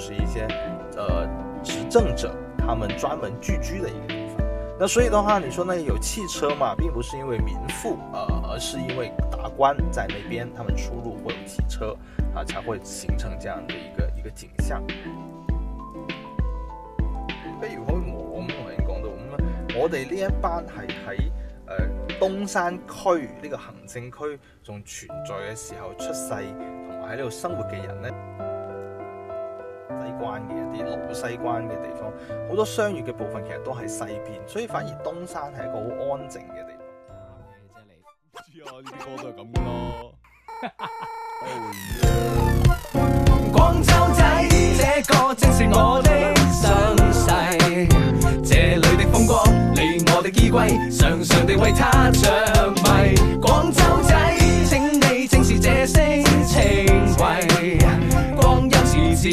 是一些呃執政者他們，專門聚居的一個地方。那所以的話，你說呢有汽車嘛，並不是因為民富呃，而是因為達官在那邊他們出入會有汽車啊，才會形成這樣的一個一個景象。比如說我，我們同你講到咁我哋呢一班係喺誒東山區呢個行政區仲存在嘅時候出世同埋喺呢度生活嘅人呢。關嘅一啲老西關嘅地方，好多商業嘅部分其實都係西邊，所以反而東山係一個好安靜嘅地方。知啊， 呢啲歌都係咁噶啦。廣 州仔，這個正是我的想世。這裏的風光，你我的依歸，常常地為他着迷。廣州仔，請你正視這聲情味，光陰似箭，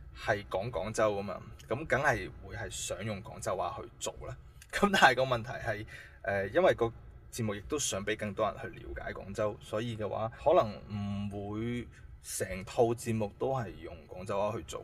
係講廣州啊嘛，咁梗係會係想用廣州話去做啦。咁但係個問題係，誒、呃、因為個節目亦都想俾更多人去了解廣州，所以嘅話可能唔會成套節目都係用廣州話去做。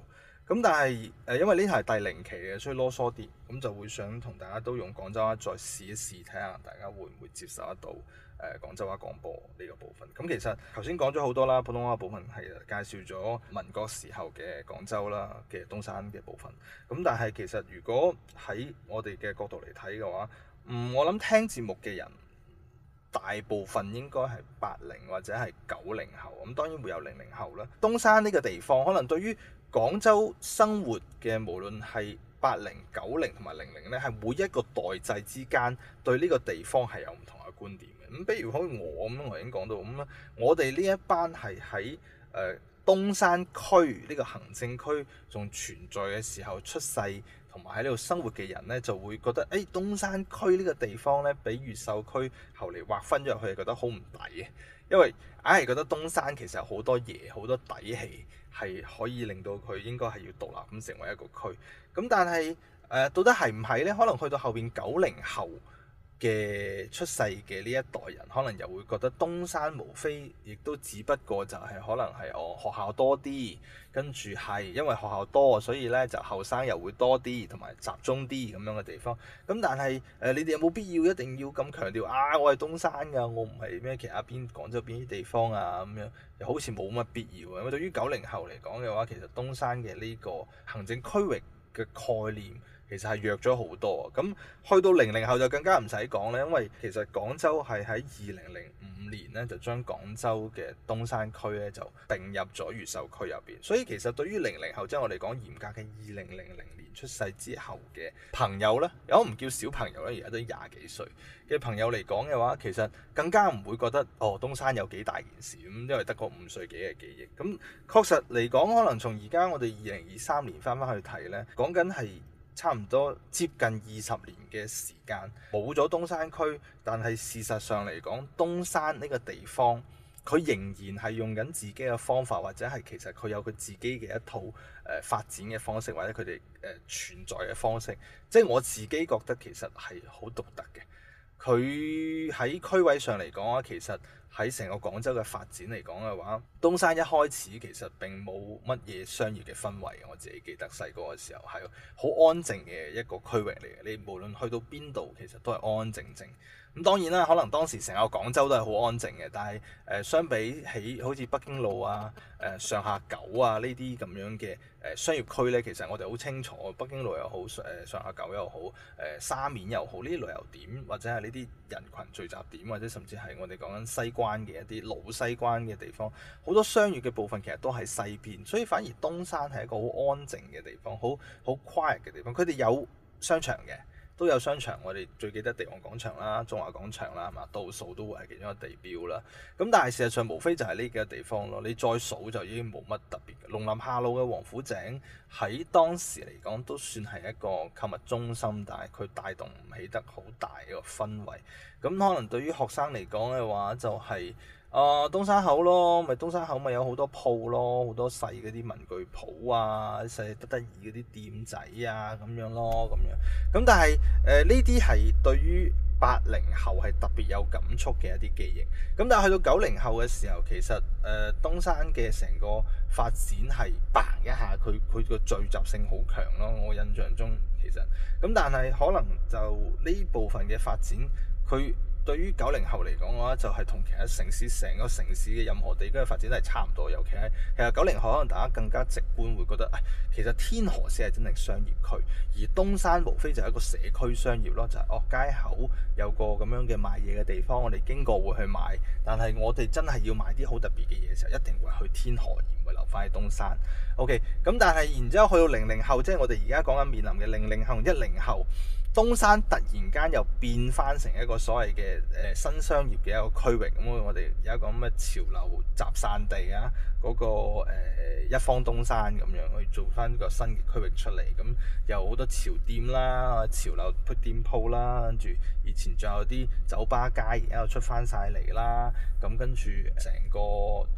咁但係誒、呃，因為呢台係第零期嘅，所以囉嗦啲，咁就會想同大家都用廣州話再試一試，睇下大家會唔會接受得到。誒，廣州話廣播呢個部分，咁其實頭先講咗好多啦，普通話部分係介紹咗民國時候嘅廣州啦，嘅東山嘅部分。咁但係其實如果喺我哋嘅角度嚟睇嘅話，嗯，我諗聽節目嘅人大部分應該係八零或者係九零後，咁當然會有零零後啦。東山呢個地方，可能對於廣州生活嘅無論係八零、九零同埋零零呢，係每一個代際之間對呢個地方係有唔同觀點嘅咁，比如好似我咁，我已經講到咁啦。我哋呢一班係喺誒東山區呢、個行政區仲存在嘅時候出世，同埋喺呢度生活嘅人呢，就會覺得誒、哎、東山區呢個地方呢，比越秀區後嚟劃分入去，覺得好唔抵嘅。因為硬係覺得東山其實有好多嘢，好多底氣，係可以令到佢應該係要獨立咁成為一個區。咁但係誒、呃，到底係唔係呢？可能去到後邊九零後。嘅出世嘅呢一代人，可能又會覺得東山無非亦都只不過就係可能係我學校多啲，跟住係因為學校多，所以咧就後生又會多啲，同埋集中啲咁樣嘅地方。咁但係誒、呃、你哋有冇必要一定要咁強調啊？我係東山噶，我唔係咩？其他邊廣州邊啲地方啊咁樣，又好似冇乜必要嘅。因為對於九零後嚟講嘅話，其實東山嘅呢個行政區域嘅概念，其實係弱咗好多啊！咁去到零零後就更加唔使講啦，因為其實廣州係喺二零零五年咧就將廣州嘅東山區咧就並入咗越秀區入邊，所以其實對於零零後即係、就是、我哋講嚴格嘅二零零零年出世之後嘅朋友咧，有唔叫小朋友呢，而家都廿幾歲嘅朋友嚟講嘅話，其實更加唔會覺得哦東山有幾大件事咁，因為得個五歲幾嘅記憶。咁確實嚟講，可能從而家我哋二零二三年返返去睇呢，講緊係。差唔多接近二十年嘅時間，冇咗東山區，但係事實上嚟講，東山呢個地方，佢仍然係用緊自己嘅方法，或者係其實佢有佢自己嘅一套誒、呃、發展嘅方式，或者佢哋誒存在嘅方式，即係我自己覺得其實係好獨特嘅。佢喺區位上嚟講啊，其實。喺成個廣州嘅發展嚟講嘅話，東山一開始其實並冇乜嘢商業嘅氛圍。我自己記得細個嘅時候係好安靜嘅一個區域嚟嘅，你無論去到邊度，其實都係安安靜靜。咁當然啦，可能當時成個廣州都係好安靜嘅，但係誒、呃、相比起好似北京路啊、誒、呃、上下九啊呢啲咁樣嘅誒商業區咧，其實我哋好清楚，北京路又好、誒、呃、上下九又好、誒、呃、沙面又好，呢啲旅遊點或者係呢啲人群聚集點，或者甚至係我哋講緊西關嘅一啲老西關嘅地方，好多商業嘅部分其實都係西邊，所以反而東山係一個好安靜嘅地方，好好 quiet 嘅地方。佢哋有商場嘅。都有商場，我哋最記得地王廣場啦、中華廣場啦，係嘛，到數都會係其中一個地標啦。咁但係事實上無非就係呢幾個地方咯。你再數就已經冇乜特別。農林下路嘅王府井喺當時嚟講都算係一個購物中心，但係佢帶動唔起得好大嘅一個氛圍。咁可能對於學生嚟講嘅話，就係、是。啊、哦，東山口咯，咪東山口咪有好多鋪咯，好多細嗰啲文具鋪啊，細得得意嗰啲店仔啊咁樣咯，咁樣。咁但係誒呢啲係對於八零後係特別有感觸嘅一啲記憶。咁但係去到九零後嘅時候，其實誒、呃、東山嘅成個發展係嘭一下，佢佢個聚集性好強咯。我印象中其實，咁但係可能就呢部分嘅發展佢。它對於九零後嚟講嘅話，就係、是、同其他城市成個城市嘅任何地區發展都係差唔多。尤其係其實九零後可能大家更加直觀會覺得，哎，其實天河先係真正商業區，而東山無非就係一個社區商業咯，就係、是、哦街口有個咁樣嘅賣嘢嘅地方，我哋經過會去買。但係我哋真係要買啲好特別嘅嘢嘅時候，一定會去天河而唔會留翻喺東山。OK，咁但係然之後去到零零後，即、就、係、是、我哋而家講緊面臨嘅零零後一零後。東山突然間又變翻成一個所謂嘅誒、呃、新商業嘅一個區域，咁我哋有一個咁嘅潮流集散地啊，嗰、嗰個、呃、一方東山咁樣去做翻個新嘅區域出嚟，咁有好多潮店啦、潮流店鋪啦，跟住以前仲有啲酒吧街，而家又出翻晒嚟啦，咁跟住成個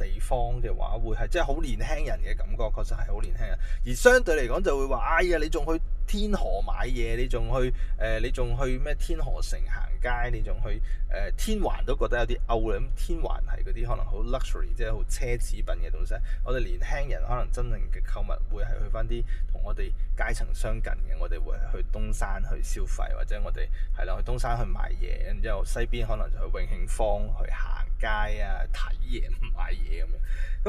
地方嘅話會係，會係即係好年輕人嘅感覺，確實係好年輕人，而相對嚟講就會話：哎呀，你仲去？天河買嘢，你仲去、呃、你仲去咩？天河城行街，你仲去、呃、天環都覺得有啲 out 啦。咁天環係嗰啲可能好 luxury，即係好奢侈品嘅東西。我哋年輕人可能真正嘅購物會係去翻啲同我哋階層相近嘅。我哋會去東山去消費，或者我哋係啦去東山去買嘢，然之後西邊可能就去永慶坊去行街啊，睇嘢唔買嘢咁樣，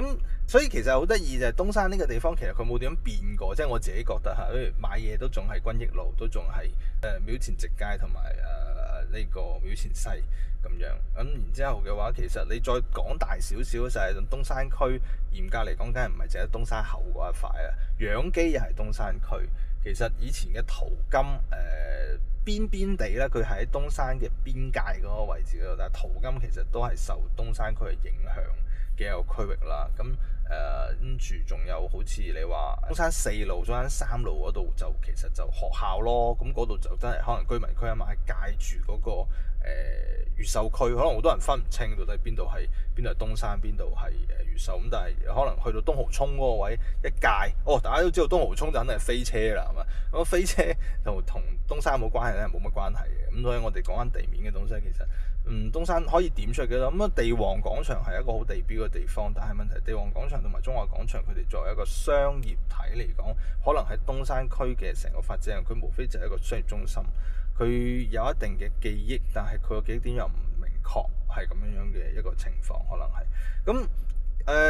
咁所以其實好得意就係、是、東山呢個地方，其實佢冇點樣變過，即、就、係、是、我自己覺得嚇，譬如買嘢都仲係均益路，都仲係誒廟前直街同埋誒呢個廟前西咁樣。咁然之後嘅話，其實你再講大少少就係、是、東山區，嚴格嚟講，梗係唔係淨係東山口嗰一塊啊？楊箕又係東山區，其實以前嘅淘金誒。呃邊邊地咧，佢喺東山嘅邊界嗰個位置嗰度，但係淘金其實都係受東山區嘅影響。嘅一區域啦，咁誒跟住仲有好似你話東山四路、中山三路嗰度就其實就學校咯，咁嗰度就真係可能居民區啊嘛，係界住嗰、那個越、呃、秀區，可能好多人分唔清到底邊度係邊度係東山，邊度係誒越秀，咁但係可能去到東濠涌嗰個位一界，哦大家都知道東濠涌就肯定係飛車啦，咁啊飛車就同東山冇關係咧，冇乜關係嘅，咁所以我哋講翻地面嘅東西其實。嗯，東山可以點出嘅咯。咁啊，地王廣場係一個好地標嘅地方，但係問題地王廣場同埋中華廣場，佢哋作為一個商業體嚟講，可能喺東山區嘅成個發展，佢無非就係一個商業中心，佢有一定嘅記憶，但係佢有記憶點又唔明確，係咁樣樣嘅一個情況，可能係咁誒。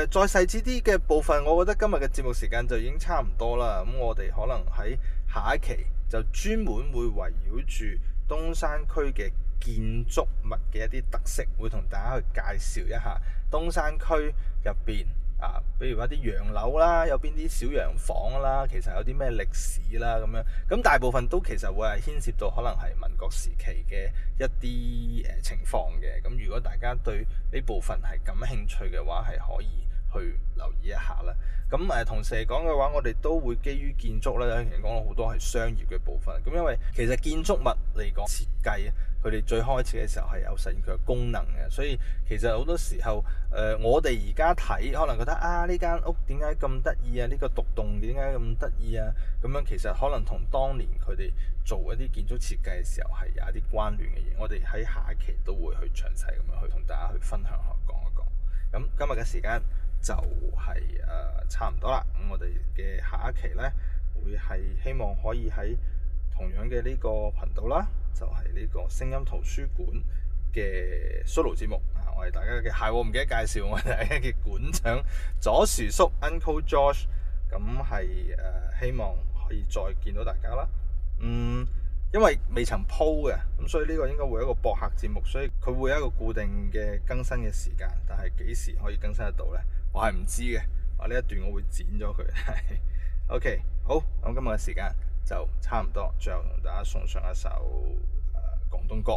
再細緻啲嘅部分，我覺得今日嘅節目時間就已經差唔多啦。咁我哋可能喺下一期就專門會圍繞住東山區嘅。建築物嘅一啲特色，會同大家去介紹一下。東山區入邊啊，比如話啲洋樓啦，有邊啲小洋房啦，其實有啲咩歷史啦咁樣。咁大部分都其實會係牽涉到可能係民國時期嘅一啲誒情況嘅。咁如果大家對呢部分係感興趣嘅話，係可以去留意一下啦。咁誒同時嚟講嘅話，我哋都會基於建築啦，有其實講咗好多係商業嘅部分。咁因為其實建築物嚟講設計佢哋最開始嘅時候係有實現佢嘅功能嘅，所以其實好多時候，誒、呃，我哋而家睇，可能覺得啊，呢間屋點解咁得意啊？呢、這個獨棟點解咁得意啊？咁樣其實可能同當年佢哋做一啲建築設計嘅時候係有一啲關聯嘅嘢。我哋喺下一期都會去詳細咁樣去同大家去分享下，和講一講。咁今日嘅時間就係、是、誒、呃、差唔多啦。咁我哋嘅下一期呢，會係希望可以喺同樣嘅呢個頻道啦。就係呢個聲音圖書館嘅 solo 節目啊，我係大家嘅係，我唔記得介紹我哋係嘅館長左薯叔 Uncle Josh，咁係誒希望可以再見到大家啦。嗯，因為未曾鋪嘅，咁所以呢個應該會一個博客節目，所以佢會有一個固定嘅更新嘅時間，但係幾時可以更新得到呢？我係唔知嘅，我呢一段我會剪咗佢。OK，好，咁今日嘅時間。就差唔多，最後同大家送上一首誒、呃、廣東歌。